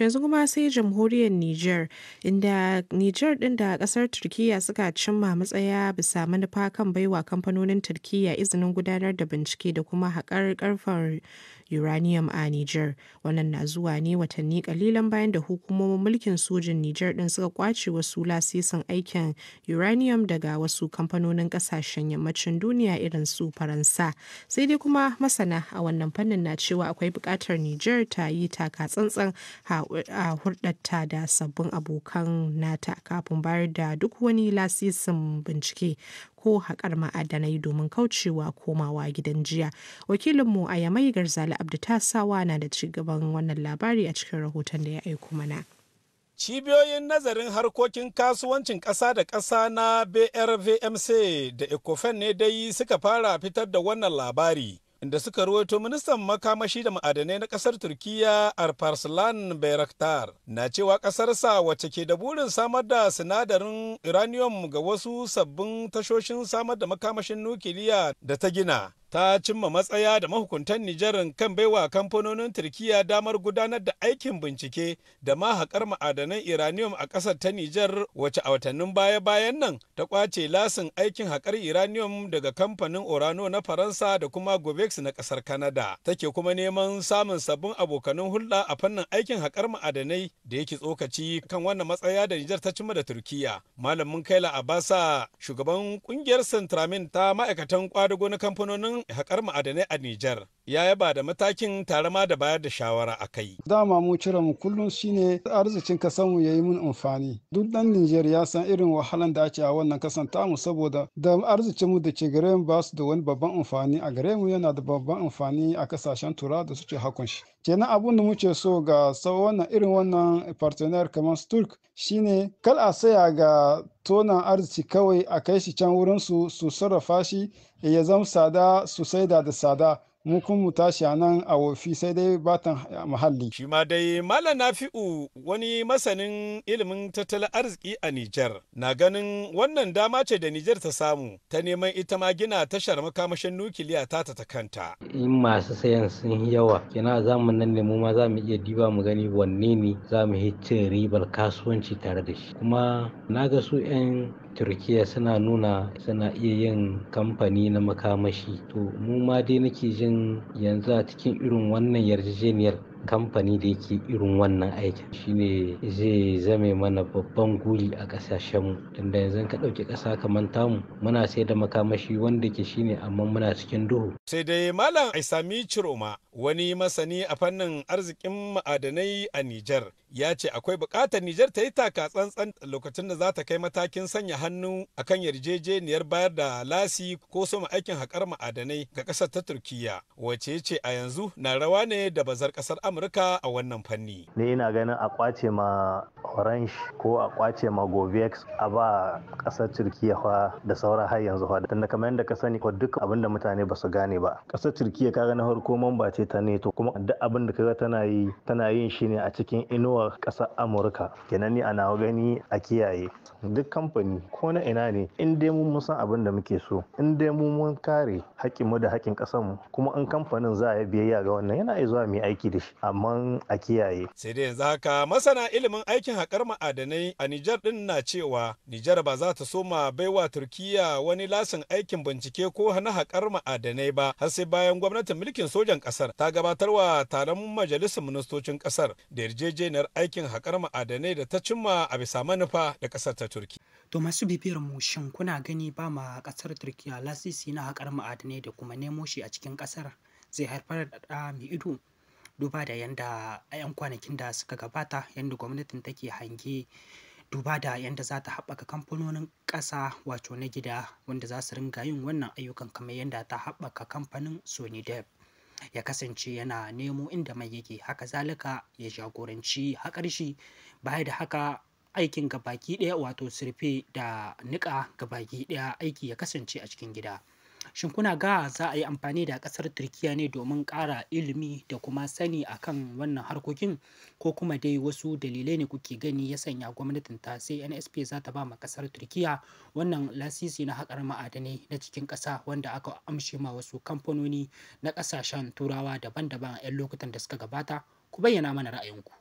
To yanzu kuma sai jamhuriyar Nijar, inda Nijar ɗin da ƙasar Turkiyya suka cimma matsaya bisa manufa kan baiwa kamfanonin Turkiyya izinin gudanar da bincike da kuma haƙar ƙarfen uranium a Nijar. Wannan na zuwa ne watanni kalilan bayan da hukumomin mulkin sojin Nijar ɗin suka kwace wasu lasisin aikin uranium daga wasu kamfanonin ƙasashen yammacin duniya irin su Faransa. Sai dai kuma masana a wannan fannin na cewa akwai bukatar Nijar ta yi taka tsantsan ha a hurɗata da sabbin abokan nata kafin bayar da duk wani lasisin bincike ko haƙar ma'adanai domin kaucewa komawa gidan jiya. Wakilinmu a Yamai Garzali Abdu Tasawa na da cigaban wannan labari a cikin rahoton da ya aiko mana. Cibiyoyin nazarin harkokin kasuwancin ƙasa da ƙasa na BRVMC da Ecofen ne dai suka fara fitar da wannan labari. inda suka ruwaito ministan makamashi da ma'adanai na kasar turkiya arfarslan bayraktar na cewa kasarsa wacce ke da burin samar da sinadarin uranium ga wasu sabbin tashoshin samar da makamashin nukiliya da ta gina ta cimma matsaya da mahukuntan Nijar kan baiwa kamfanonin Turkiya damar gudanar da aikin bincike da ma haƙar ma'adanan uranium a ƙasar ta Nijar wace a watannin baya-bayan nan ta ƙwace lasin aikin haƙar uranium daga kamfanin Orano na Faransa da kuma Gobex na ƙasar Canada. Take kuma neman samun sabbin abokanin hulɗa a fannin aikin haƙar ma'adanai da yake tsokaci kan wannan matsaya da Nijar ta cimma da Turkiya. Malamin Kaila Abasa shugaban ƙungiyar Centramin ta ma'aikatan kwadago na kamfanonin haƙar ma'adanai a Nijar. ya yaba da matakin tarama da bayar da shawara a kai. Dama mu cire mu kullum shine arzikin kasanmu ya yi mun amfani. Duk dan Nijar ya san irin wahalan da ake a wannan kasan ta mu. saboda da arzikinmu da ke gare mu ba su da wani babban amfani a gare mu yana da babban amfani a kasashen tura da suke hakun shi. Kenan abun da muke so ga sau wannan irin wannan partner kamar Turk shine kal a saya ga tonan arziki kawai a kai shi can wurinsu su sarrafa shi ya zama sada su saida da sada. mu kun mu tashi a nan a wofi sai dai batan muhalli. Shi ma dai Malam Nafi'u wani masanin ilimin tattalin arziki a Nijar na ganin wannan dama ce da Nijar ta samu ta neman ita ma gina tashar makamashin nukiliya ta ta kanta. In masu sayan sun yawa kina za mu nan ne mu ma za mu iya diba mu gani wanne ne za mu hicce ribar kasuwanci tare da shi. Kuma na ga su 'yan turkiya suna nuna suna iya yin kamfani na makamashi to mu ma dai nake jin yanzu a cikin irin wannan yarjejeniyar kamfani da yake irin wannan aikin shine zai zame mana babban guri a kasashenmu tunda yanzu ka ɗauki ƙasa kamar tamu muna sai da makamashi wanda ke shine amma muna cikin duhu. sai dai malam aisami ciroma wani masani a fannin arzikin ma'adanai a nijar ya ce akwai bukatar nijar ta yi taka tsantsan lokacin da za ta kai matakin sanya hannu akan yarjejeniyar bayar da lasi ko suma aikin haƙar ma'adanai ga ƙasar ta turkiya wace ce a yanzu na rawa ne da bazar ƙasar Amurka a wannan fanni. Ni ina ganin a kwace ma Orange ko a kwace ma Govex a ba kasar Turkiya fa da sauran har yanzu fa tunda kamar yadda ka sani ko duk abinda mutane ba su gane ba. Kasar Turkiya kaga na farko mamba ce ta ne to kuma duk abin da kaga tana yi tana yin shi ne a cikin inuwar kasar Amurka. Kenan ni ana gani a kiyaye. Duk kamfani ko na ina ne in dai mun san abin da muke so in dai mu mun kare haƙƙinmu da haƙƙin mu kuma in kamfanin za a yi biyayya ga wannan yana iya zuwa mu yi aiki da shi amma a kiyaye. Sai dai yanzu haka masana ilimin aikin haƙar ma'adanai a Nijar ɗin na cewa Nijar ba za ta soma baiwa Turkiya wani lasin aikin bincike ko na haƙar ma'adanai ba har sai bayan gwamnatin mulkin sojan ƙasar ta gabatar wa taron majalisar ministocin ƙasar da yarjejeniyar aikin haƙar ma'adanai da ta cimma a bisa manufa da ƙasar ta Turki. To masu bibiyar mu shin kuna gani ba ma ƙasar Turkiya lasisi na haƙar ma'adanai da kuma nemo shi a cikin ƙasar zai haifar da ɗa mai ido duba da yanda a 'yan kwanakin da suka gabata yadda gwamnatin take hange duba da yanda za ta haɓaka kamfanonin ƙasa wato na gida wanda za su ringa yin wannan ayyukan kamar yanda ta haɓaka kamfanin dev ya kasance yana nemo inda mai yake haka zalika ya jagoranci haƙar shi baya da haka aikin gabaki ɗaya wato surfe da niƙa gabaki ɗaya aiki ya kasance a cikin gida shin kuna ga za a yi amfani da ƙasar turkiya ne domin ƙara ilimi da kuma sani akan wannan harkokin ko kuma dai wasu dalilai ne kuke gani ya sanya gwamnatin ta sai nsp za ta ba ma ƙasar turkiya wannan lasisi na haƙar ma'adanai na cikin ƙasa wanda aka amshe ma wasu kamfanoni na ƙasashen turawa daban-daban a 'yan lokutan da suka gabata ku bayyana mana ra'ayinku.